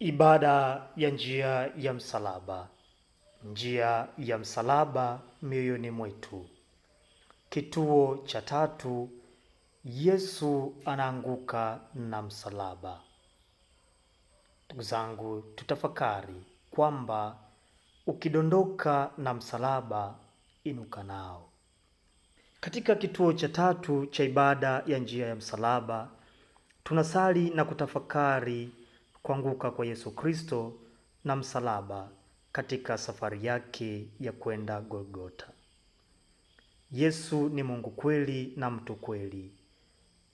Ibada ya njia ya msalaba. Njia ya msalaba mioyoni mwetu. Kituo cha tatu: Yesu anaanguka na msalaba. Ndugu zangu, tutafakari kwamba ukidondoka na msalaba inuka nao. Katika kituo cha tatu cha ibada ya njia ya msalaba tunasali na kutafakari kuanguka kwa Yesu Kristo na msalaba katika safari yake ya kwenda Golgota. Yesu ni Mungu kweli na mtu kweli.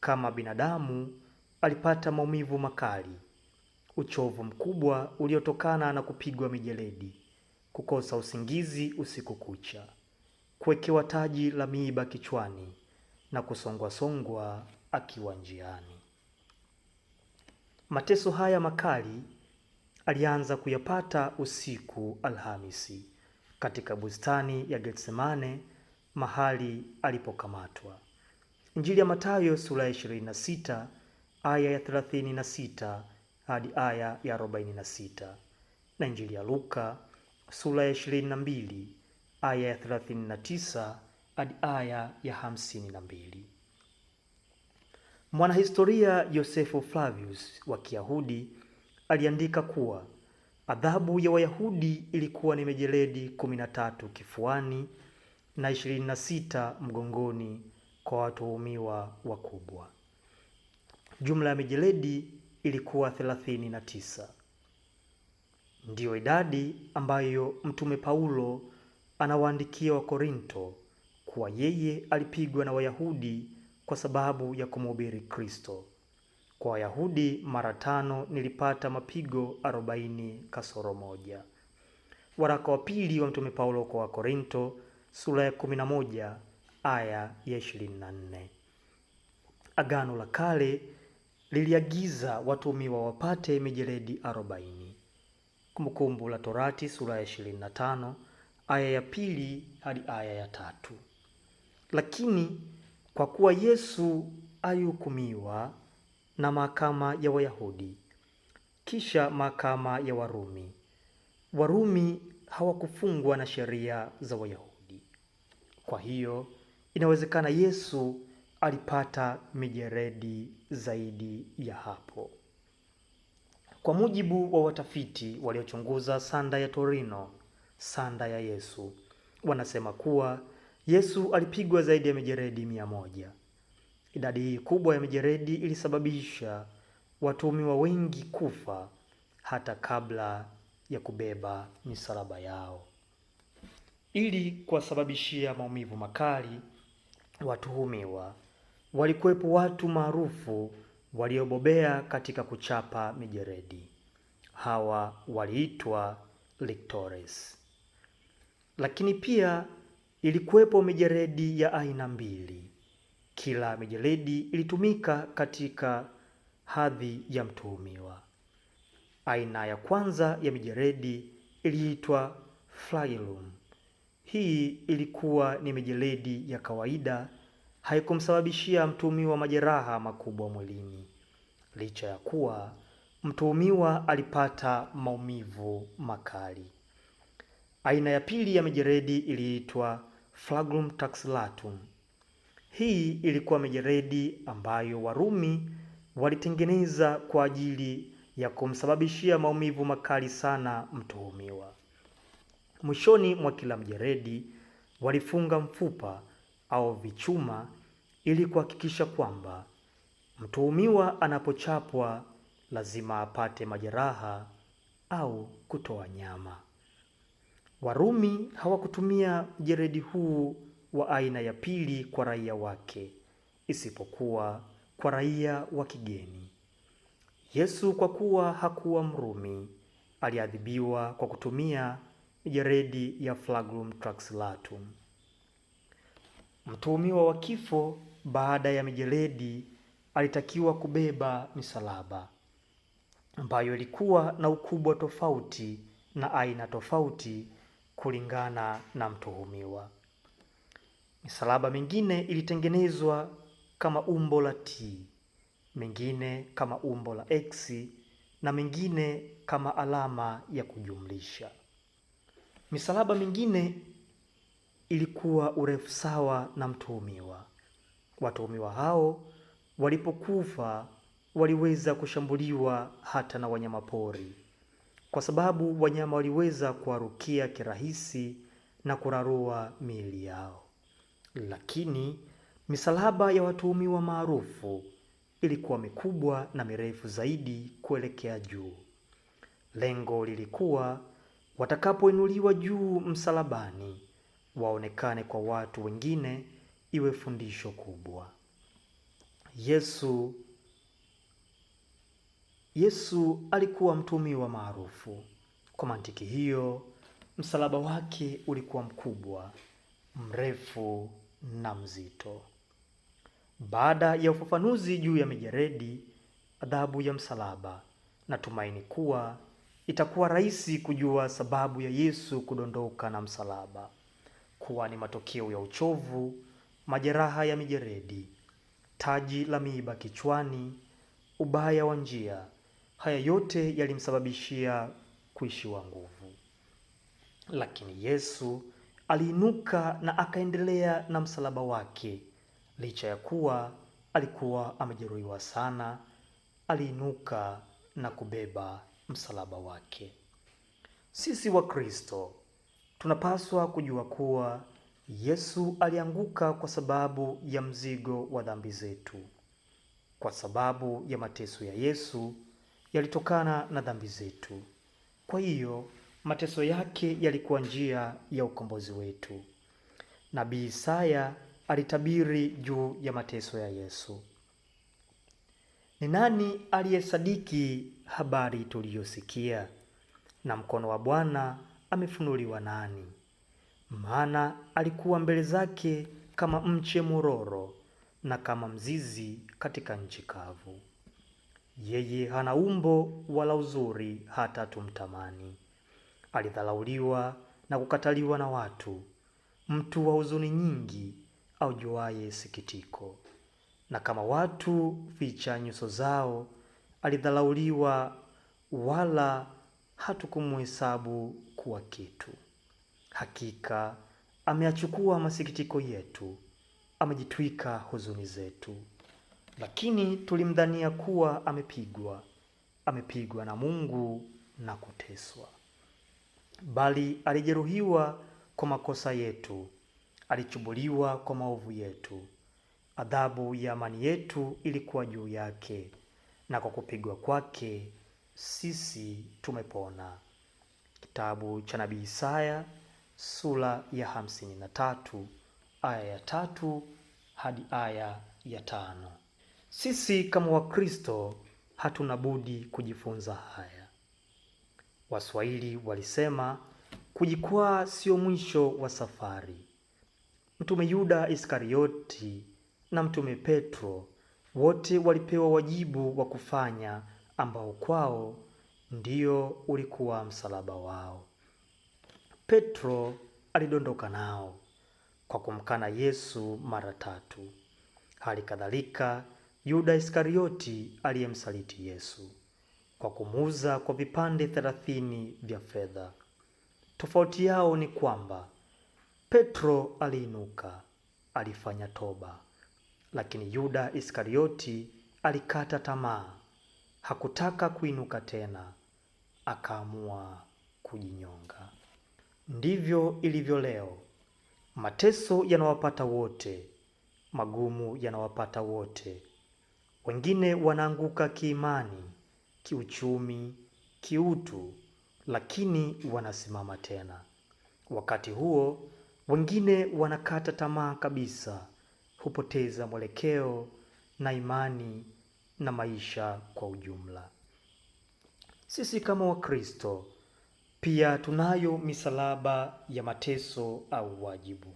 Kama binadamu alipata maumivu makali, uchovu mkubwa uliotokana na kupigwa mijeledi, kukosa usingizi usiku kucha, kuwekewa taji la miiba kichwani na kusongwasongwa akiwa njiani. Mateso haya makali alianza kuyapata usiku Alhamisi katika bustani ya Getsemane mahali alipokamatwa. Injili ya Mathayo sura ya 26 aya ya 36 hadi aya ya 46 na Injili ya Luka sura ya 22 aya ya 39 hadi aya ya 52. Mwanahistoria Yosefu Flavius wa Kiyahudi aliandika kuwa adhabu ya Wayahudi ilikuwa ni mejeledi 13 kifuani na 26 mgongoni kwa watuhumiwa wakubwa. Jumla ya mijeledi ilikuwa 39. Ndiyo idadi ambayo Mtume Paulo anawaandikia Wakorinto kuwa yeye alipigwa na Wayahudi kwa sababu ya kumhubiri Kristo. Kwa Wayahudi mara tano nilipata mapigo arobaini kasoro moja. Waraka wa pili wa Mtume Paulo kwa Wakorinto sura ya moja aya ya nne. Agano la Kale liliagiza watumiwa wapate mijeledi arobaini. Kumbukumbu la Torati sura ya tano aya ya pili hadi aya ya tatu. Lakini kwa kuwa Yesu alihukumiwa na mahakama ya Wayahudi, kisha mahakama ya Warumi. Warumi hawakufungwa na sheria za Wayahudi. Kwa hiyo inawezekana Yesu alipata mijeredi zaidi ya hapo. Kwa mujibu wa watafiti waliochunguza sanda ya Torino, sanda ya Yesu, wanasema kuwa Yesu alipigwa zaidi ya mijeredi mia moja. Idadi hii kubwa ya mijeredi ilisababisha watuhumiwa wengi kufa hata kabla ya kubeba misalaba yao. Ili kuwasababishia maumivu makali watuhumiwa, walikuwepo watu maarufu waliobobea katika kuchapa mijeredi. Hawa waliitwa lictores, lakini pia Ilikuwepo mijeledi ya aina mbili. Kila mijeledi ilitumika katika hadhi ya mtuhumiwa. Aina ya kwanza ya mijeledi iliitwa flagellum. Hii ilikuwa ni mijeledi ya kawaida, haikumsababishia mtuhumiwa majeraha makubwa mwilini, licha ya kuwa mtuhumiwa alipata maumivu makali. Aina ya pili ya mijeledi iliitwa Flagrum Taxillatum. Hii ilikuwa mijeredi ambayo Warumi walitengeneza kwa ajili ya kumsababishia maumivu makali sana mtuhumiwa. Mwishoni mwa kila mjeredi walifunga mfupa au vichuma ili kuhakikisha kwamba mtuhumiwa anapochapwa lazima apate majeraha au kutoa nyama. Warumi hawakutumia mjeredi huu wa aina ya pili kwa raia wake isipokuwa kwa raia wa kigeni. Yesu kwa kuwa hakuwa Mrumi aliadhibiwa kwa kutumia jeredi ya flagrum translatum. Mtuhumiwa wa kifo baada ya mijeledi alitakiwa kubeba misalaba ambayo ilikuwa na ukubwa tofauti na aina tofauti kulingana na mtuhumiwa. Misalaba mingine ilitengenezwa kama umbo la T, mingine kama umbo la X na mingine kama alama ya kujumlisha. Misalaba mingine ilikuwa urefu sawa na mtuhumiwa. Watuhumiwa hao walipokufa waliweza kushambuliwa hata na wanyamapori kwa sababu wanyama waliweza kuarukia kirahisi na kurarua miili yao, lakini misalaba ya watuhumiwa maarufu ilikuwa mikubwa na mirefu zaidi kuelekea juu. Lengo lilikuwa watakapoinuliwa juu msalabani waonekane kwa watu wengine, iwe fundisho kubwa. Yesu Yesu alikuwa mtumiwa maarufu. Kwa mantiki hiyo, msalaba wake ulikuwa mkubwa, mrefu na mzito. Baada ya ufafanuzi juu ya mijeredi, adhabu ya msalaba, natumaini kuwa itakuwa rahisi kujua sababu ya Yesu kudondoka na msalaba kuwa ni matokeo ya uchovu, majeraha ya mijeredi, taji la miiba kichwani, ubaya wa njia Haya yote yalimsababishia kuishiwa nguvu, lakini Yesu aliinuka na akaendelea na msalaba wake. Licha ya kuwa alikuwa amejeruhiwa sana, aliinuka na kubeba msalaba wake. Sisi Wakristo tunapaswa kujua kuwa Yesu alianguka kwa sababu ya mzigo wa dhambi zetu. Kwa sababu ya mateso ya Yesu yalitokana na dhambi zetu. Kwa hiyo mateso yake yalikuwa njia ya ukombozi wetu. Nabii Isaya alitabiri juu ya mateso ya Yesu. Ni nani aliyesadiki habari tuliyosikia? Na mkono wa Bwana amefunuliwa nani? Maana alikuwa mbele zake kama mche mororo na kama mzizi katika nchi kavu yeye hana umbo wala uzuri hata tumtamani. Alidhalauliwa na kukataliwa na watu, mtu wa huzuni nyingi, aujuaye sikitiko. Na kama watu ficha nyuso zao, alidhalauliwa wala hatukumuhesabu kuwa kitu. Hakika ameachukua masikitiko yetu, amejitwika huzuni zetu lakini tulimdhania kuwa amepigwa, amepigwa na Mungu na kuteswa. Bali alijeruhiwa kwa makosa yetu, alichubuliwa kwa maovu yetu. Adhabu ya amani yetu ilikuwa juu yake, na kwa kupigwa kwake sisi tumepona. Kitabu cha Nabii Isaya sura ya hamsini na tatu aya ya tatu hadi aya ya tano. Sisi kama Wakristo hatuna budi kujifunza haya. Waswahili walisema kujikwaa sio mwisho wa safari. Mtume Yuda Iskarioti na Mtume Petro wote walipewa wajibu wa kufanya ambao kwao ndio ulikuwa msalaba wao. Petro alidondoka nao kwa kumkana Yesu mara tatu. Hali kadhalika Yuda Iskarioti aliyemsaliti Yesu kwa kumuuza kwa vipande thelathini vya fedha. Tofauti yao ni kwamba Petro aliinuka, alifanya toba, lakini Yuda Iskarioti alikata tamaa, hakutaka kuinuka tena, akaamua kujinyonga. Ndivyo ilivyo leo. Mateso yanawapata wote, magumu yanawapata wote, wengine wanaanguka kiimani, kiuchumi, kiutu, lakini wanasimama tena. Wakati huo wengine wanakata tamaa kabisa, hupoteza mwelekeo na imani na maisha kwa ujumla. Sisi kama Wakristo pia tunayo misalaba ya mateso au wajibu.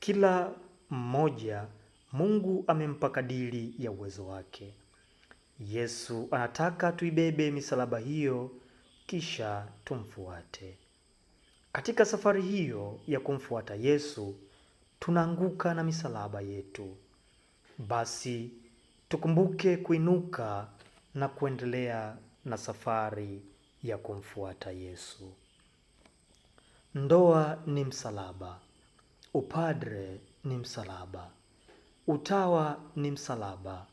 Kila mmoja Mungu amempa kadiri ya uwezo wake. Yesu anataka tuibebe misalaba hiyo kisha tumfuate. Katika safari hiyo ya kumfuata Yesu tunaanguka na misalaba yetu. Basi tukumbuke kuinuka na kuendelea na safari ya kumfuata Yesu. Ndoa ni msalaba, upadre ni msalaba, Utawa ni msalaba.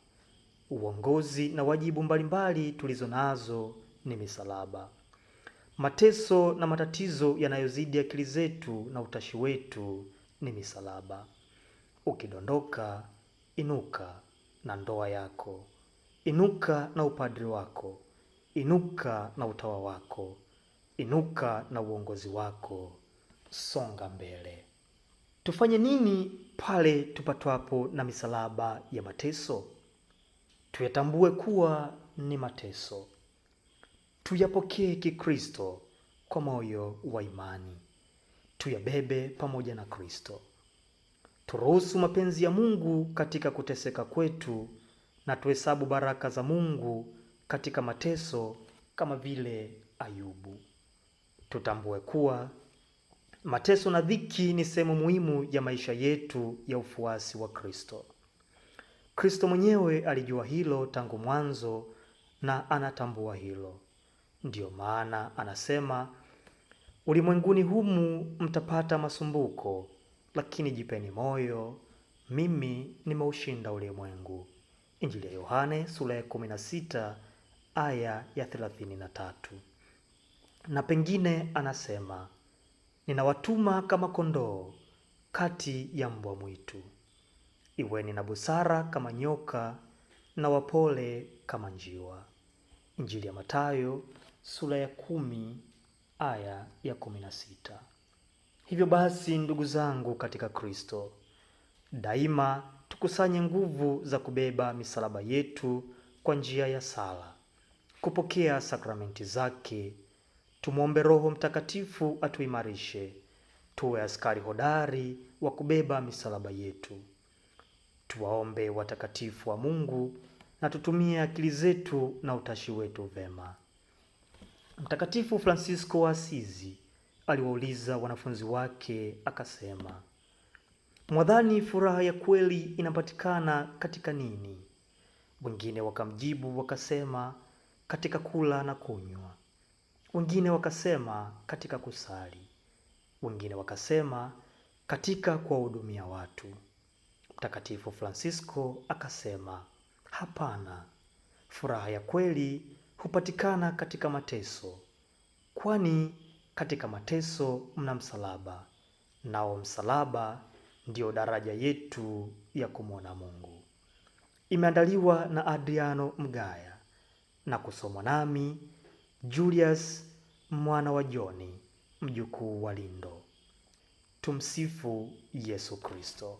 Uongozi na wajibu mbalimbali tulizo nazo ni misalaba. Mateso na matatizo yanayozidi akili zetu na utashi wetu ni misalaba. Ukidondoka, inuka na ndoa yako, inuka na upadri wako, inuka na utawa wako, inuka na uongozi wako, songa mbele. Tufanye nini pale tupatwapo na misalaba ya mateso, tuyatambue kuwa ni mateso, tuyapokee Kikristo kwa moyo wa imani, tuyabebe pamoja na Kristo. Turuhusu mapenzi ya Mungu katika kuteseka kwetu, na tuhesabu baraka za Mungu katika mateso, kama vile Ayubu. Tutambue kuwa Mateso na dhiki ni sehemu muhimu ya maisha yetu ya ufuasi wa Kristo. Kristo mwenyewe alijua hilo tangu mwanzo na anatambua hilo. Ndiyo maana anasema, ulimwenguni humu mtapata masumbuko, lakini jipeni moyo, mimi nimeushinda ulimwengu. Injili ya Yohane sura ya 16 aya ya 33. Na pengine anasema ninawatuma kama kondoo kati ya mbwa mwitu. Iweni na busara kama nyoka na wapole kama njiwa. Injili ya Mathayo sura ya kumi aya ya kumi na sita. Hivyo basi, ndugu zangu katika Kristo, daima tukusanye nguvu za kubeba misalaba yetu kwa njia ya sala, kupokea sakramenti zake Tumwombe Roho Mtakatifu atuimarishe, tuwe askari hodari wa kubeba misalaba yetu. Tuwaombe watakatifu wa Mungu na tutumie akili zetu na utashi wetu vema. Mtakatifu francisco wa Asizi aliwauliza wanafunzi wake akasema, mwadhani furaha ya kweli inapatikana katika nini? Wengine wakamjibu wakasema, katika kula na kunywa wengine wakasema katika kusali, wengine wakasema katika kuwahudumia watu. Mtakatifu Fransisko akasema hapana, furaha ya kweli hupatikana katika mateso, kwani katika mateso mna msalaba, nao msalaba ndiyo daraja yetu ya kumwona Mungu. Imeandaliwa na Adriano Mgaya na kusomwa nami Julius mwana wa Joni, mjukuu wa Lindo. Tumsifu Yesu Kristo.